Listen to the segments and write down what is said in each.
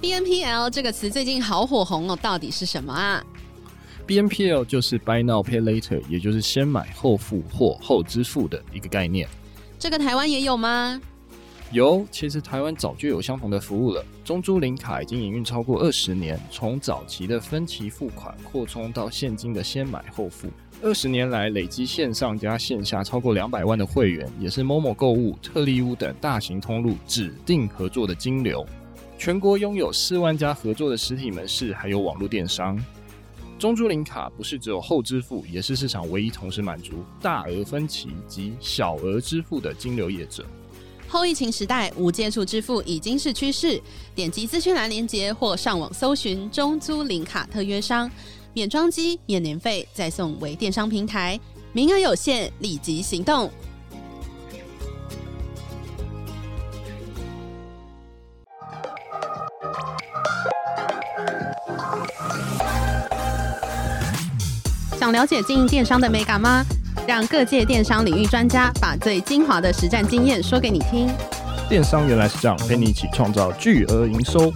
B N P L 這個詞最近好火紅哦，到底是什麼啊？B N P L 就是 Buy Now Pay Later，也就是先買後付或後支付的一個概念。這個台灣也有嗎？有，其實台灣早就有相同的服務了。中租零卡已經營運超過二十年，從早期的分期付款擴充到現金的先買後付，二十年來累積線上加線下超過兩百萬的會員，也是 MOMO 購物、特利屋等大型通路指定合作的金流。全國擁有四萬家合作的實體門市，還有網絡電商。中租零卡不是只有後支付，也是市場唯一同時滿足大額分期及小額支付的金流業者。後疫情時代，無接觸支付已經是趨勢。點擊資訊欄鏈接或上網搜尋“中租零卡特約商”，免裝機、免年費，再送微電商平台，名額有限，立即行動！想了解經營電商的美感嗎？讓各界電商領域專家把最精華的實戰經驗說給你聽。電商原來是這樣，陪你一起創造巨額營收。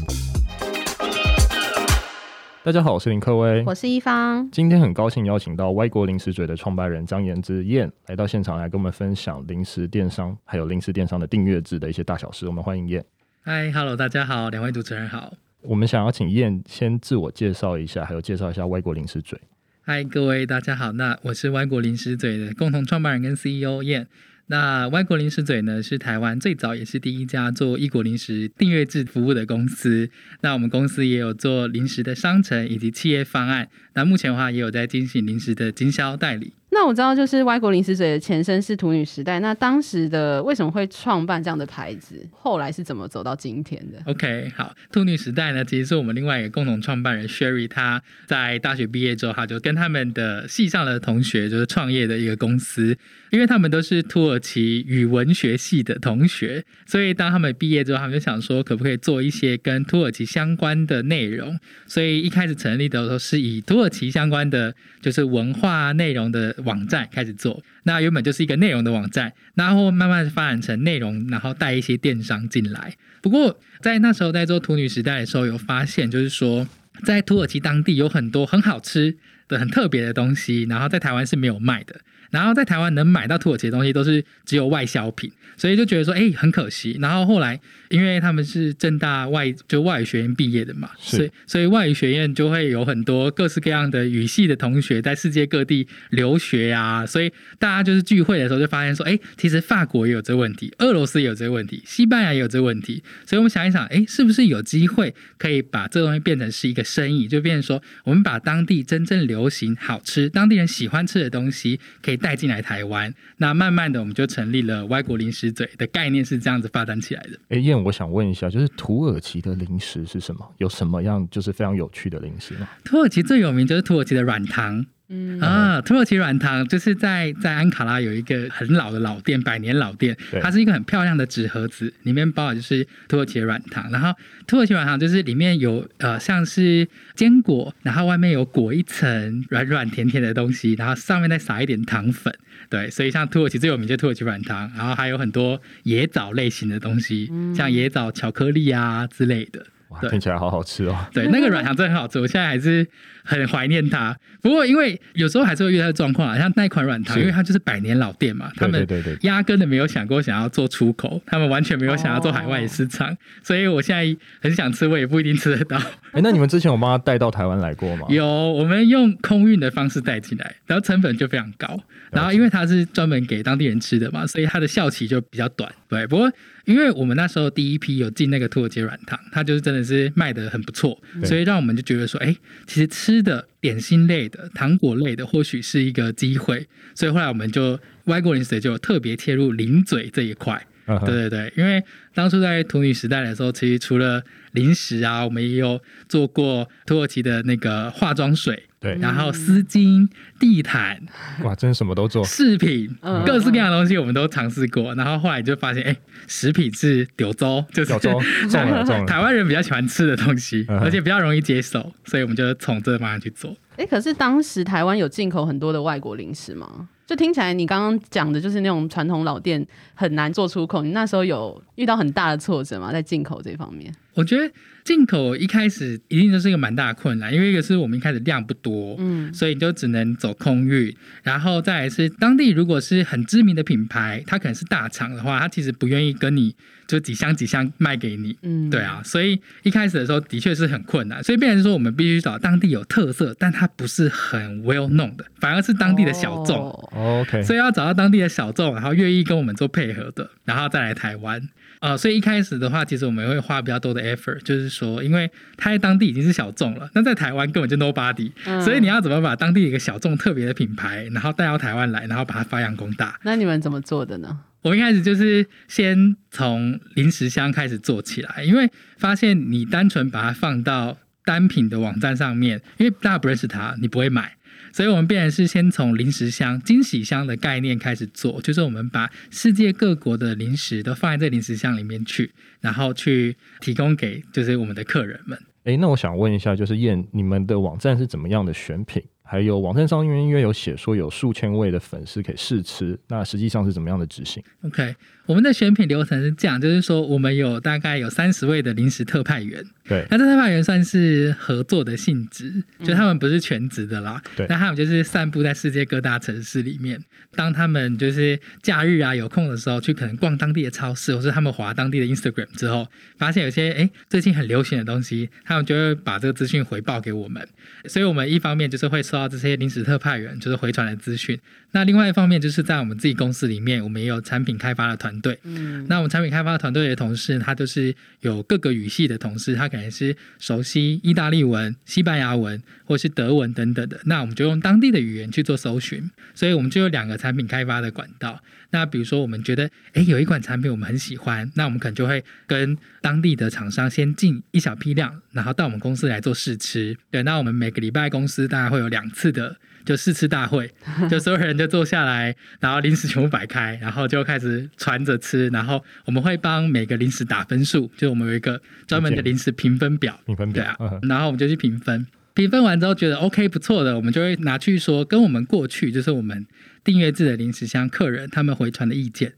大家好，我是林克威，我是一方。今天很高興邀請到歪國零食嘴的創辦人張嚴之嚴來到現場，來跟我們分享零食電商還有零食電商的訂閱制的一些大小事。我們歡迎嚴。嗨，hello，大家好，兩位主持人好。我們想要請嚴先自我介紹一下，還有介紹一下歪國零食嘴。嗨，Hi, 各位大家好，那我是歪國零食嘴的共同創辦人跟 CEO 燕。那歪國零食嘴呢，是台灣最早也是第一家做異國零食訂閱制服務的公司。那我們公司也有做零食的商城以及企業方案。那目前的話，也有在進行零食的經銷代理。那我知道，就是歪國零食嘴的前身是土女時代。那當時的為什麼會創辦這樣的牌子？後來是怎麼走到今天的？OK，好，土女時代呢，其實是我們另外一個共同創辦人 Sherry，他在大學畢業之後，他就跟他們的系上的同學就是創業的一個公司，因為他們都是土耳其語文學系的同學，所以當他們畢業之後，他們就想說，可不可以做一些跟土耳其相關的內容？所以一開始成立的時候，是以土耳其相關的，就是文化內容的。網站開始做，那原本，就是一個內容的網站，然後慢慢發展成內容，然後帶一些電商進來。不過在那時候在做土女時代的時候，有發現就是說，在土耳其當地有很多很好吃的、很特別的東西，然後在台灣是沒有賣的，然後在台灣能買到土耳其的東西都是只有外銷品，所以就覺得說，哎、欸，很可惜。然後後來。因為他們是政大外就外語學院畢業的嘛，是所以所以外語學院就會有很多各式各樣的語系的同學在世界各地留學啊，所以大家就是聚會的時候就發現說，哎、欸，其實法國也有這個問題，俄羅斯也有這個問題，西班牙也有這個問題，所以我們想一想，哎、欸，是不是有機會可以把這東西變成是一個生意，就變成說我們把當地真正流行、好吃、當地人喜歡吃的東西可以帶進來台灣，那慢慢的我們就成立了歪國零食嘴的概念是這樣子發展起來的，哎呦、欸。我想問一下，就是土耳其的零食是什麼？有什麼樣就是非常有趣的零食嗎？土耳其最有名就是土耳其的軟糖。嗯、啊，土耳其軟糖就是在在安卡拉有一個很老的老店，百年老店，對它是一個很漂亮的紙盒子，裡面包的就是土耳其軟糖，然後土耳其軟糖就是裡面有呃像是堅果，然後外面有裹一層軟軟甜甜的東西，然後上面再撒一點糖粉，對，所以像土耳其最有名就是土耳其軟糖，然後還有很多椰棗類型的東西，嗯、像椰棗巧克力啊之類的。對聽起來好好吃哦、喔。對，那個軟糖真的很好吃，我現在還是很懷念它。不過，因為有時候還是會遇到狀況、啊，像那款軟糖，是因為它就是百年老店嘛，他們壓根的沒有想過想要做出口，他們完全沒有想要做海外市場，哦、所以我現在很想吃，我也不一定吃得到。誒、欸，那你們之前有把它帶到台灣來過嗎？ 有，我們用空運的方式帶進來，然後成本就非常高。然後，因為它是專門給當地人吃的嘛，所以它的效期就比較短。對，不過因為我們那時候第一批有進那個土耳其軟糖，它就是真的是賣的很不錯，對所以讓我們就覺得說，哎，其實吃的點心類的、糖果類的，或許是一個機會。所以後來我們就歪國零食嘴就有特別切入零嘴這一塊。啊、哼對對對，因為當初在土女時代的時候，其實除了零食啊，我們也有做過土耳其的那個化妝水。對，然後絲巾、地毯，哇，真的什麼都做，飾品，各式各樣的東西我們都嘗試過。嗯、然後後來就發現，哎，食品是柳州，就是州台灣人比較喜歡吃的東西，嗯、而且比較容易接受，所以我們就從這個方向去做。哎，可是當時台灣有進口很多的外國零食嗎？就聽起來你剛剛講的就是那種傳統老店很難做出口，你那時候有遇到很大的挫折嗎？在進口這方面？我覺得進口一開始一定都是一個蠻大的困難，因為一個是我們一開始量不多，嗯，所以你就只能走空運，然後再來是當地如果是很知名的品牌，他可能是大廠的話，他其實不願意跟你就幾箱幾箱賣給你，嗯，對啊，所以一開始的時候的確是很困難，所以變成是說我們必須找當地有特色，但它不是很 well known 的，反而是當地的小眾，OK，哦，所以要找到當地的小眾，然後願意跟我們做配合的，然後再來台灣。啊、呃，所以一開始的話，其實我們會花比較多的 effort，就是說，因為他在當地已經是小眾了，那在台灣根本就 nobody，嗯，所以你要怎麼把當地一個小眾特別的品牌，然後帶到台灣來，然後把它發揚光大？那你們怎麼做的呢？我一開始就是先從零食箱開始做起來，因為發現你單純把它放到單品的網站上面，因為大家不認識它，你不會買。所以我們必然是先從零食箱、驚喜箱的概念開始做，就是我們把世界各國的零食都放在這零食箱裡面去，然後去提供給就是我們的客人們。哎、欸，那我想問一下，就是嚴，你們的網站是怎麼樣的選品？還有網站上因為因為有寫說有數千位的粉絲可以試吃，那實際上是怎麼樣的執行？OK。我們的選品流程是這樣，就是說我們有大概有三十位的臨時特派員，對，那這特派員算是合作的性質，嗯、就是他們不是全職的啦，對，那他們就是散布在世界各大城市裡面，當他們就是假日啊有空的時候，去可能逛當地的超市，或是他們滑當地的 Instagram 之後，發現有些哎最近很流行的東西，他們就會把這個資訊回報給我們，所以我們一方面就是會收到這些臨時特派員就是回傳的資訊，那另外一方面就是在我們自己公司裡面，我們也有產品開發的團。對，嗯，那我們產品開發團隊的同事，他就是有各個語系的同事，他可能是熟悉意大利文、西班牙文，或是德文等等的。那我們就用當地的語言去做搜尋，所以我們就有兩個產品開發的管道。那比如說，我們覺得，哎，有一款產品我們很喜歡，那我們可能就會跟當地的廠商先進一小批量，然後到我們公司來做試吃。對，那我們每個禮拜公司大概會有兩次的就試吃大會，就所有人就坐下來，然後零食全部擺開，然後就開始傳着吃，然後我們會幫每個零食打分數，就我們有一個專門的零食評分表，評分表，對啊，啊哼然後我們就去評分。評分完之後覺得 OK 不錯的，我們就會拿去說跟我們過去就是我們訂閱制的零食箱客人他們回傳的意見，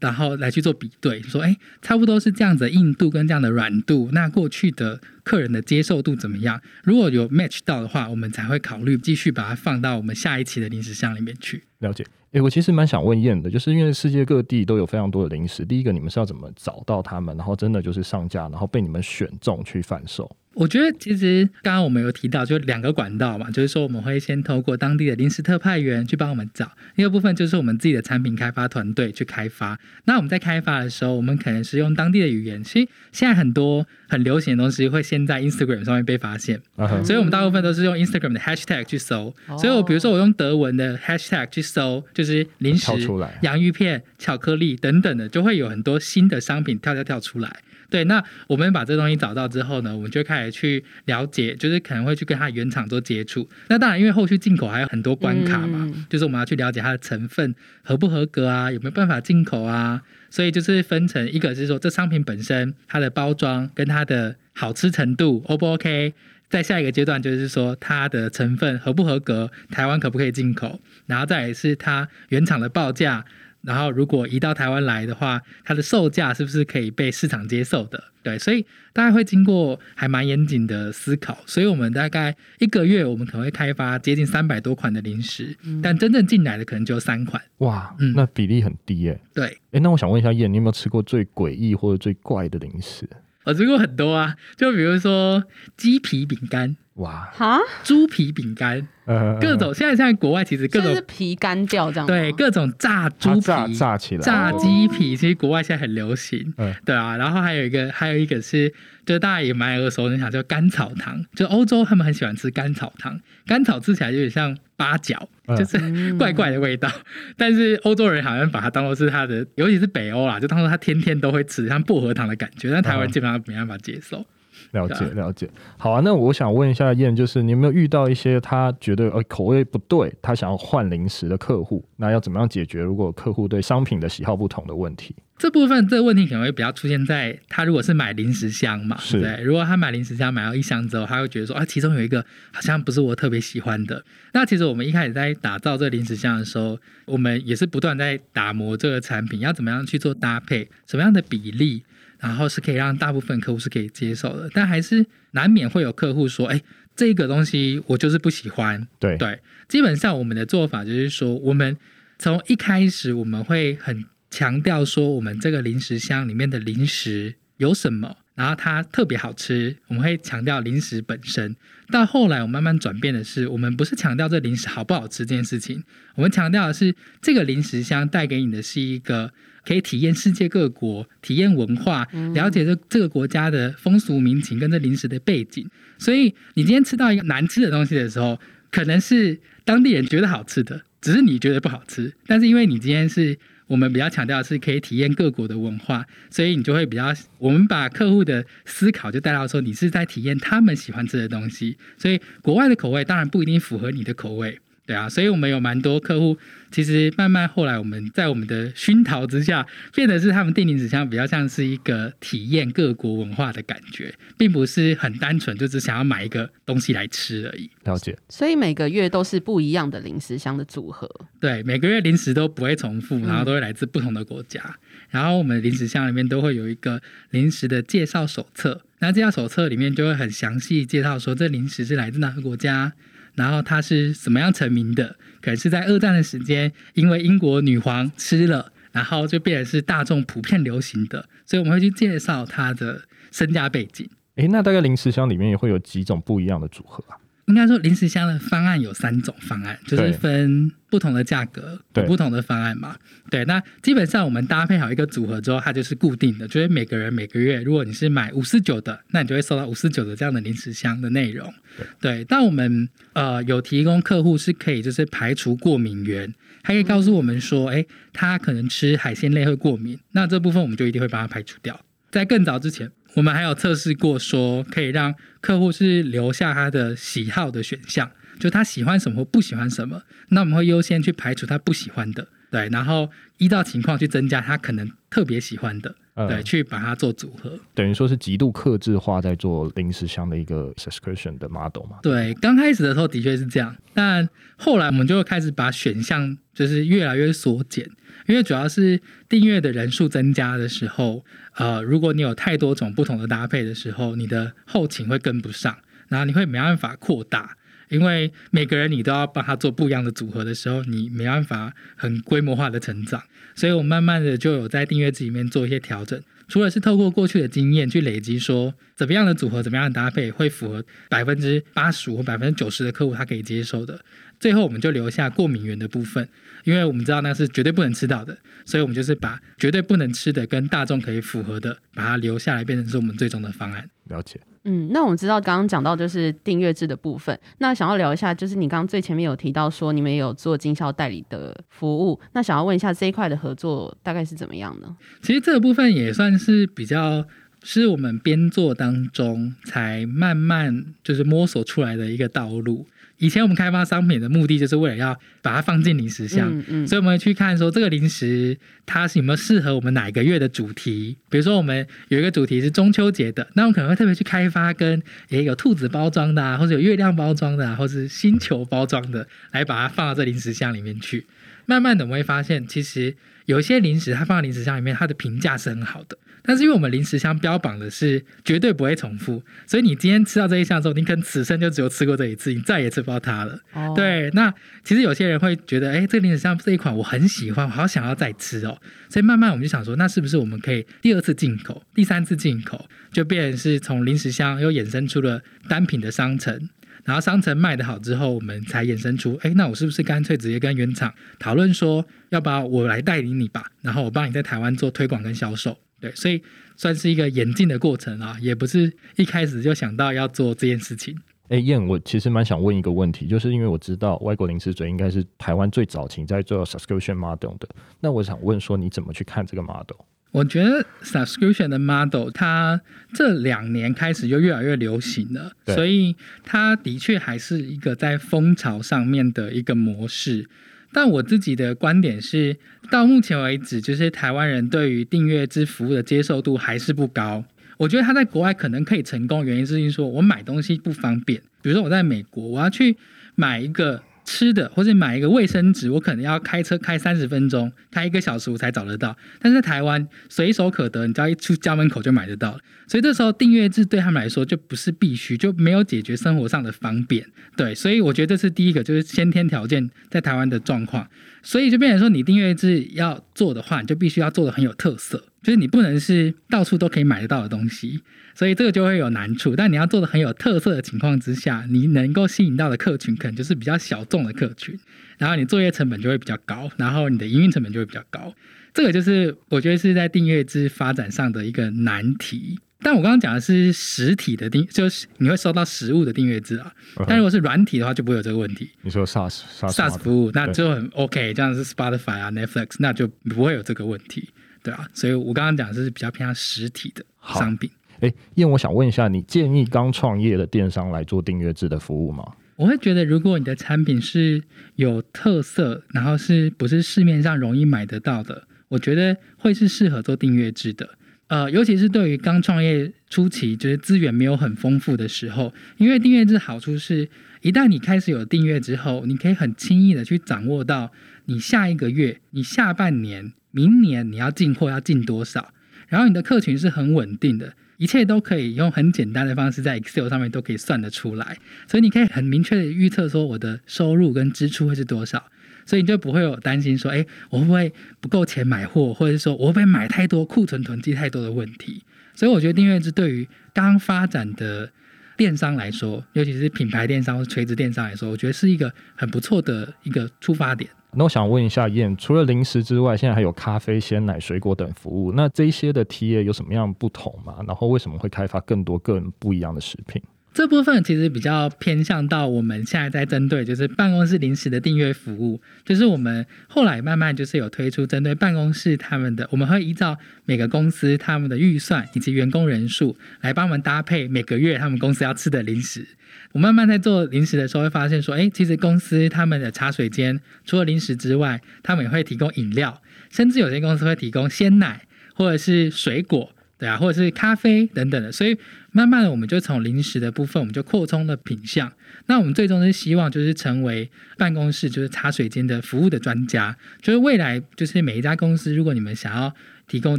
然後來去做比對，說哎、欸、差不多是這樣子的硬度跟這樣的軟度，那過去的客人的接受度怎麼樣？如果有 match 到的話，我們才會考慮繼續把它放到我們下一期的零食箱裡面去。了解，誒、欸，我其實蠻想問嚴的，就是因為世界各地都有非常多的零食，第一個，你們是要怎麼找到他們，然後真的就是上架，然後被你們選中去販售。我覺得其實剛剛我們有提到，就兩個管道嘛，就是說我們會先透過當地的零食特派員去幫我們找，一、那個部分就是我們自己的產品開發團隊去開發。那我們在開發的時候，我們可能是用當地的語言。其實現在很多很流行的東西會先在 Instagram 上面被發現，uh huh. 所以，我們大部分都是用 Instagram 的 Hashtag 去搜。Oh. 所以，我比如說我用德文的 Hashtag 去搜，就是零食出來洋芋片、巧克力等等的，就會有很多新的商品跳跳跳出來。對，那我們把這東西找到之後呢，我們就開始。去了解，就是可能會去跟它原廠做接觸。那當然，因為後續進口還有很多關卡嘛，嗯、就是我們要去了解它的成分合不合格啊，有沒有辦法進口啊。所以就是分成一個，是說這商品本身它的包裝跟它的好吃程度 O 不 OK，在下一個階段就是說它的成分合不合格，台灣可不可以進口？然後再來是它原廠的報價。然後，如果移到台灣來的話，它的售價是不是可以被市場接受的？對，所以大家會經過還蠻嚴謹的思考。所以我們大概一個月，我們可能會開發接近三百多款的零食，但真正進來的可能只有三款。哇，嗯，那比例很低耶、欸。對，誒，那我想問一下燕，你有沒有吃過最詭異或者最怪的零食？我吃過很多啊，就比如說雞皮餅乾。哇，蛤？豬皮餅乾，呃、嗯，嗯、各種現在現在國外其實各種就是皮乾掉這樣，對各種炸豬皮炸,炸起來對不對，炸雞皮其實國外現在很流行，嗯、對啊，然後還有一個還有一個是，就大家也蠻耳熟的，想叫甘草糖，就歐洲他們很喜歡吃甘草糖，甘草吃起來就有點像八角，嗯、就是怪怪的味道，嗯、但是歐洲人好像把它當做是它的，尤其是北歐啦，就當做他天天都會吃，像薄荷糖的感覺，但台灣基本上沒辦法接受。嗯了解了解，好啊。那我想問一下嚴，就是你有沒有遇到一些他覺得呃、欸、口味不對，他想要換零食的客戶？那要怎麼樣解決？如果客戶對商品的喜好不同的問題，這部分這個問題可能會比較出現在他如果是買零食箱嘛，是對，對，如果他買零食箱買到一箱之後，他會覺得說啊，其中有一個好像不是我特別喜歡的。那其實我們一開始在打造這個零食箱的時候，我們也是不斷在打磨這個產品，要怎麼樣去做搭配，什麼樣的比例。然後是可以讓大部分客戶是可以接受的，但還是難免會有客戶說：“哎，這個東西我就是不喜歡。對”對對，基本上我們的做法就是說，我們從一開始我們會很強調說，我們這個零食箱裡面的零食有什麼。然後它特別好吃，我們會強調零食本身。到後來，我慢慢轉變的是，我們不是強調這零食好不好吃這件事情，我們強調的是這個零食箱帶給你的是一個可以體驗世界各國、體驗文化、了解這這個國家的風俗民情跟這零食的背景。所以，你今天吃到一個難吃的東西的時候，可能是當地人覺得好吃的，只是你覺得不好吃。但是因為你今天是。我們比較強調是可以體驗各國的文化，所以你就會比較，我們把客戶的思考就帶到說，你是在體驗他們喜歡吃的東西，所以國外的口味當然不一定符合你的口味。對啊，所以我們有蠻多客戶，其實慢慢，後來我們在我們的燻陶之下，變得是他們訂零食箱比較像是一個體驗各國文化的感覺，並不是很單純就只想要買一個東西來吃而已。了解。所以每個月都是不一樣的零食箱的組合。對，每個月零食都不會重複，然後都會來自不同的國家。嗯。然後我們零食箱裡面都會有一個零食的介紹手冊，那這介紹手冊裡面就會很詳細介紹說這零食是來自哪個國家。然後他是怎麼樣成名的？可是在二戰的時間，因為英國女皇吃了，然後就變成是大眾普遍流行的。所以我們會去介紹他的身家背景。誒，那大概零食箱裡面也會有幾種不一樣的組合啊？應該說，零食箱的方案有三種方案，就是分不同的價格，對不同的方案嘛。對，那基本上我們搭配好一個組合之後，它就是固定的，就是每個人每個月，如果你是買五四九的，那你就會收到五四九的這樣的零食箱的內容。對，但我們呃有提供客戶是可以就是排除過敏源，還可以告訴我們說，哎、欸，他可能吃海鮮類會過敏，那這部分我們就一定會把它排除掉。在更早之前。我們還有測試過，說可以讓客戶是留下他的喜好的選項，就他喜歡什麼，或不喜歡什麼，那我們會優先去排除他不喜歡的，對，然後依照情況去增加他可能特別喜歡的，嗯、對，去把它做組合。嗯、等於說是極度客製化，在做零食箱的一個 subscription 的 model 嘛？對，剛開始的時候的確是這樣，但後來我們就會開始把選項就是越來越縮減。因為主要是訂閱的人數增加的時候，呃，如果你有太多種不同的搭配的時候，你的後勤會跟不上，然後你會沒辦法擴大，因為每個人你都要幫他做不一樣的組合的時候，你沒辦法很規模化的成長，所以，我慢慢的就有在訂閱這裡面做一些調整。除了是透過過去的經驗去累積，說怎麼樣的組合、怎麼樣的搭配會符合百分之八十五或百分之九十的客戶他可以接受的，最後我們就留下過敏源的部分，因為我們知道那是絕對不能吃到的，所以我們就是把絕對不能吃的跟大眾可以符合的，把它留下來變成是我們最終的方案。了解。嗯，那我們知道剛剛講到就是訂閱制的部分，那想要聊一下就是你剛剛最前面有提到說你們有做經銷代理的服務，那想要問一下這一塊的合作大概是怎麼樣呢？其實這個部分也算。是比較是我們邊做當中才慢慢就是摸索出來的一個道路。以前我們開發商品的目的就是為了要把它放進零食箱，嗯所以我們會去看說這個零食它是有沒有適合我們哪個月的主題。比如說我們有一個主題是中秋節的，那我們可能會特別去開發跟也有兔子包裝的、啊，或者有月亮包裝的、啊，或者是星球包裝的，來把它放到這零食箱裡面去。慢慢的我們會發現，其實有些零食它放在零食箱裡面，它的評價是很好的。但是因為我們零食箱標榜的是絕對不會重複，所以你今天吃到這一箱之後，你可能此生就只有吃過這一次，你再也吃不到它了。Oh. 對，那其實有些人會覺得，欸，這個零食箱這一款我很喜歡，我好想要再吃喔。所以慢慢我們就想說，那是不是我們可以第二次進口、第三次進口，就變成是從零食箱又衍生出了單品的商城？然後商城賣得好之後，我們才衍生出，欸，那我是不是乾脆直接跟原廠討論說，要不要我來代理你吧？然後我幫你在台灣做推廣跟銷售。對，所以算是一個演進的過程啊，也不是一開始就想到要做這件事情。哎、欸，嚴，我其實蠻想問一個問題，就是因為我知道歪國零食嘴應該是台灣最早期在做 subscription model 的，那我想問說，你怎麼去看這個 model？我覺得 subscription 的 model 它這兩年開始就越來越流行了，對所以它的確還是一個在風潮上面的一個模式。但我自己的觀點是，到目前為止，就是台灣人對於訂閱制服務的接受度還是不高。我覺得他在國外可能可以成功，原因是因為說我買東西不方便。比如說我在美國，我要去買一個吃的，或者買一個衛生紙，我可能要開車開三十分鐘，開一個小時我才找得到。但是在台灣，隨手可得，你只要一出家門口就買得到了。所以這時候訂閱制對他們來說就不是必須，就沒有解決生活上的方便，對，所以我覺得這是第一個就是先天條件在台灣的狀況，所以就變成說你訂閱制要做的話，你就必須要做的很有特色，就是你不能是到處都可以買得到的東西，所以這個就會有難處。但你要做的很有特色的情況之下，你能夠吸引到的客群可能就是比較小眾的客群，然後你作業成本就會比較高，然後你的營運成本就會比較高，這個就是我覺得是在訂閱制發展上的一個難題。但我剛剛講的是實體的訂，就是你會收到實物的訂閱制啊。嗯哼，但如果是軟體的話，就不會有這個問題。你說 SaaS SaaS 服務，對那就很 OK。這樣是 Spotify 啊、Netflix，那就不會有這個問題，對啊，所以我剛剛講的是比較偏向實體的商品。哎，因為我想問一下，你建議剛創業的電商來做訂閱制的服務嗎？我會覺得，如果你的產品是有特色，然後是不是市面上容易買得到的，我覺得會是適合做訂閱制的。呃，尤其是對於剛創業初期，就是資源沒有很豐富的時候，因為訂閱制好處是，一旦你開始有訂閱之後，你可以很輕易的去掌握到你下一個月、你下半年、明年你要進貨要進多少，然後你的客群是很穩定的，一切都可以用很簡單的方式在 Excel 上面都可以算得出來，所以你可以很明確的預測說我的收入跟支出會是多少。所以你就不會有擔心說，哎、欸，我會不會不夠錢買貨，或者是說我會不會買太多，庫存囤積太多的問題。所以我覺得訂閱制對於剛發展的電商來說，尤其是品牌電商或垂直電商來說，我覺得是一個很不錯的一個出發點。那我想問一下，燕，除了零食之外，現在還有咖啡、鮮奶、水果等服務，那這些的企業有什麼樣不同嗎？然後為什麼會開發更多更不一樣的食品？這部分其實比較偏向到我們現在在針對，就是辦公室零食的訂閱服務。就是我們後來慢慢就是有推出針對辦公室他們的，我們會依照每個公司他們的預算以及員工人數來幫我們搭配每個月他們公司要吃的零食。我慢慢在做零食的時候會發現說，誒，其實公司他們的茶水間除了零食之外，他們也會提供飲料，甚至有些公司會提供鮮奶或者是水果。對啊，或者是咖啡等等的，所以慢慢的我們就從零食的部分，我們就擴充了品項。那我們最終是希望就是成為辦公室就是茶水間的服務的專家。就是未來就是每一家公司，如果你們想要提供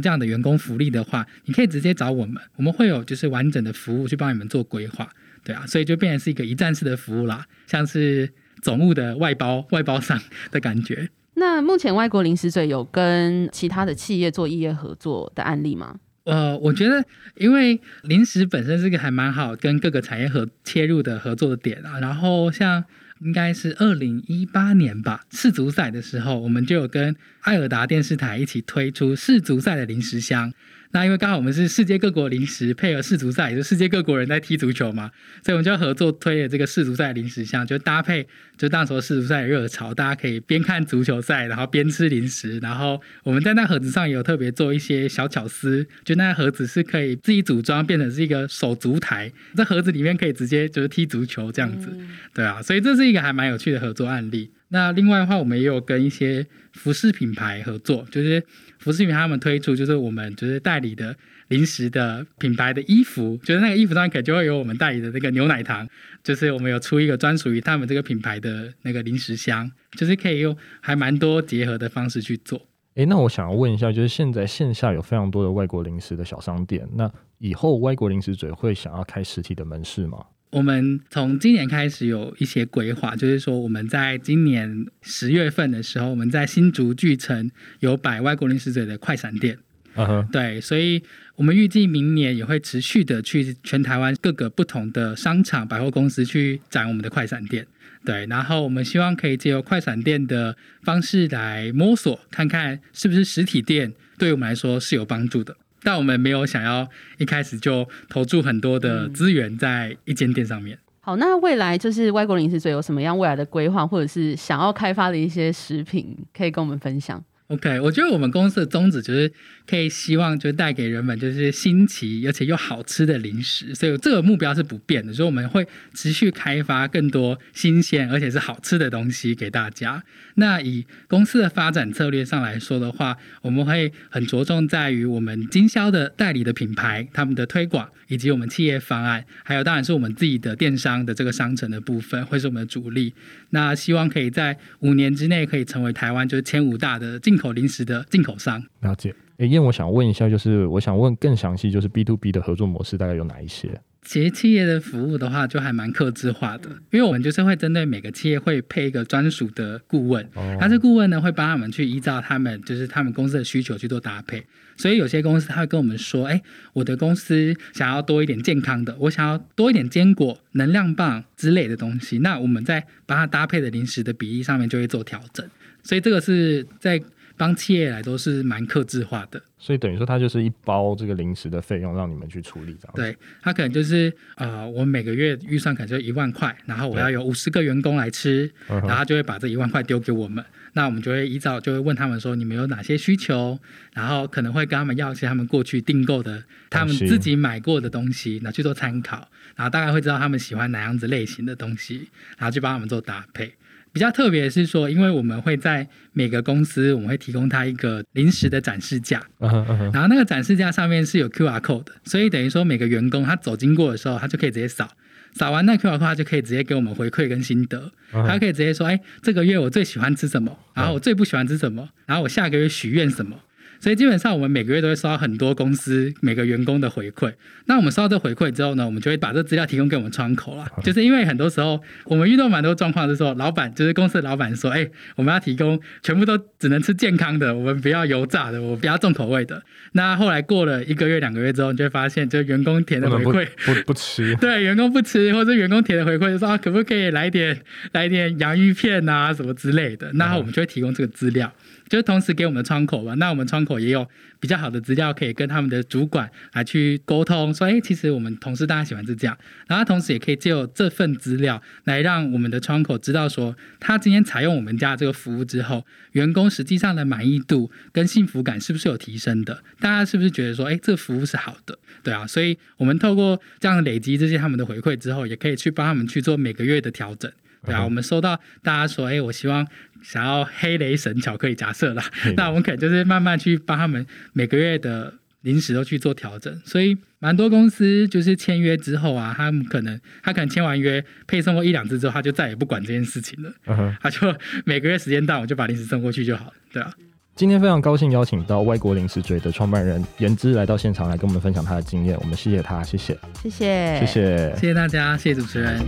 這樣的員工福利的話，你可以直接找我們，我們會有就是完整的服務去幫你們做規劃。對啊，所以就變成是一個一站式的服務啦，像是總務的外包外包商的感覺。那目前歪國零食嘴有跟其他的企業做異業合作的案例嗎？呃，我覺得，因為零食本身是個還蠻好跟各個產業和切入的合作的點啊。然後像應該是二零一八年吧，世足賽的時候，我們就有跟愛爾達電視台一起推出世足賽的零食箱。那因為剛好我們是世界各國零食配合世足賽，也就是世界各國人在踢足球嘛，所以我們就合作推了這個世足賽零食箱，就搭配就當時候世足賽熱潮，大家可以邊看足球賽，然後邊吃零食。然後我們在那盒子上也有特別做一些小巧思，就那個盒子是可以自己組裝變成是一個手足台，在盒子裡面可以直接就是踢足球這樣子，對啊，所以這是一個還蠻有趣的合作案例。那另外的話，我們也有跟一些服飾品牌合作，就是服飾品牌他們推出，就是我們就是代理的零食的品牌的衣服，就是那個衣服上可能就會有我們代理的那個牛奶糖，就是我們有出一個專屬於他們這個品牌的那個零食箱，就是可以用還蠻多結合的方式去做。誒、欸，那我想要問一下，就是現在線下有非常多的外國零食的小商店，那以後外國零食嘴會想要開實體的門市嗎？我們從今年開始有一些規劃，就是說我們在今年十月份的時候，我們在新竹巨城有擺歪國零食嘴的快閃店，啊、uh huh. 對，所以我們預計明年也會持續的去全台灣各個不同的商場、百貨公司去展我們的快閃店，對，然後我們希望可以借由快閃店的方式來摸索，看看是不是實體店對我們來說是有幫助的。但我們沒有想要一開始就投注很多的資源在一間店上面，嗯。好，那未來就是歪國零食嘴有什麼樣未來的規劃，或者是想要開發的一些食品，可以跟我們分享？OK，我覺得我們公司的宗旨就是可以希望就帶給人們就是新奇而且又好吃的零食，所以這個目標是不變的，所以我們會持續開發更多新鮮而且是好吃的東西給大家。那以公司的發展策略上來說的話，我們會很着重在於我們經銷的代理的品牌，他們的推廣，以及我們企業方案，還有當然是我們自己的電商的這個商城的部分，會是我們的主力。那希望可以在五年之內可以成為台灣就是前五大的進口零食的進口商。了解。哎、欸，嚴，我想問一下，就是我想問更詳細，就是 B to B 的合作模式大概有哪一些？其實企業的服務的話，就還蠻客制化的，因為我們就是會針對每個企業會配一個專屬的顧問，哦，他是顧問呢，會幫他們去依照他們就是他們公司的需求去做搭配，所以有些公司他會跟我們說，哎，我的公司想要多一點健康的，我想要多一點堅果、能量棒之類的東西，那我們在幫他搭配的零食的比例上面就會做調整，所以這個是在。當企業來都是蠻客製化的，所以等於說他就是一包這個零食的費用讓你們去處理這樣。對，他可能就是呃，我每個月預算可能就一萬塊，然後我要有五十個員工來吃，對然後就會把這一萬塊丟給我們，嗯、哼那我們就會一早就會問他們說，你們有哪些需求，然後可能會跟他們要一些他們過去訂購的、西他們自己買過的東西，拿去做參考，然後大概會知道他們喜歡哪樣子類型的東西，然後去幫他們做搭配。比較特別是說，因為我們會在每個公司，我們會提供他一個臨時的展示架，uh huh, uh huh. 然後那個展示架上面是有 Q R code 的，所以等於說每個員工他走經過的時候，他就可以直接掃，掃完那 Q R code 他就可以直接給我們回饋跟心得，uh huh. 他可以直接說，哎、欸，這個月我最喜歡吃什麼，然後我最不喜歡吃什麼，uh huh. 然後我下個月許願什麼。所以基本上，我們每個月都會收到很多公司每個員工的回饋。那我們收到這回饋之後呢，我們就會把這資料提供給我們窗口了。嗯、就是因為很多時候，我們遇到蠻多狀況的時候，老板就是公司的老板說：“哎、欸，我們要提供全部都只能吃健康的，我們不要油炸的，我們不要重口味的。”那後來過了一個月、兩個月之後，你就會發現，就員工填的回饋不不吃 對員工不吃，或者員工填的回饋就說：“啊，可不可以來點來點洋芋片啊什麼之類的？”那我們就會提供這個資料。嗯就是同時給我們的窗口吧，那我們窗口也有比較好的資料可以跟他們的主管來去溝通，說，欸，其實我們同事大家喜歡是這樣，然後同時也可以借由這份資料來讓我們的窗口知道說，他今天採用我們家這個服務之後，員工實際上的滿意度跟幸福感是不是有提升的，大家是不是覺得說，欸，這個服務是好的。對啊，所以我們透過這樣累積這些他們的回饋之後，也可以去幫他們去做每個月的調整。對啊，我們收到大家說，哎、欸，我希望想要黑雷神巧克力假設啦，的那我們可能就是慢慢去幫他們每個月的零食都去做調整，所以蠻多公司就是簽約之後啊，他們可能他可能簽完約配送過一兩次之後，他就再也不管這件事情了，嗯、哼他就每個月時間到我就把零食送過去就好了，對啊。今天非常高興邀請到歪國零食嘴的創辦人嚴之來到現場來跟我們分享他的經驗，我們謝謝他，謝謝，謝謝，謝謝，謝謝大家，謝謝主持人。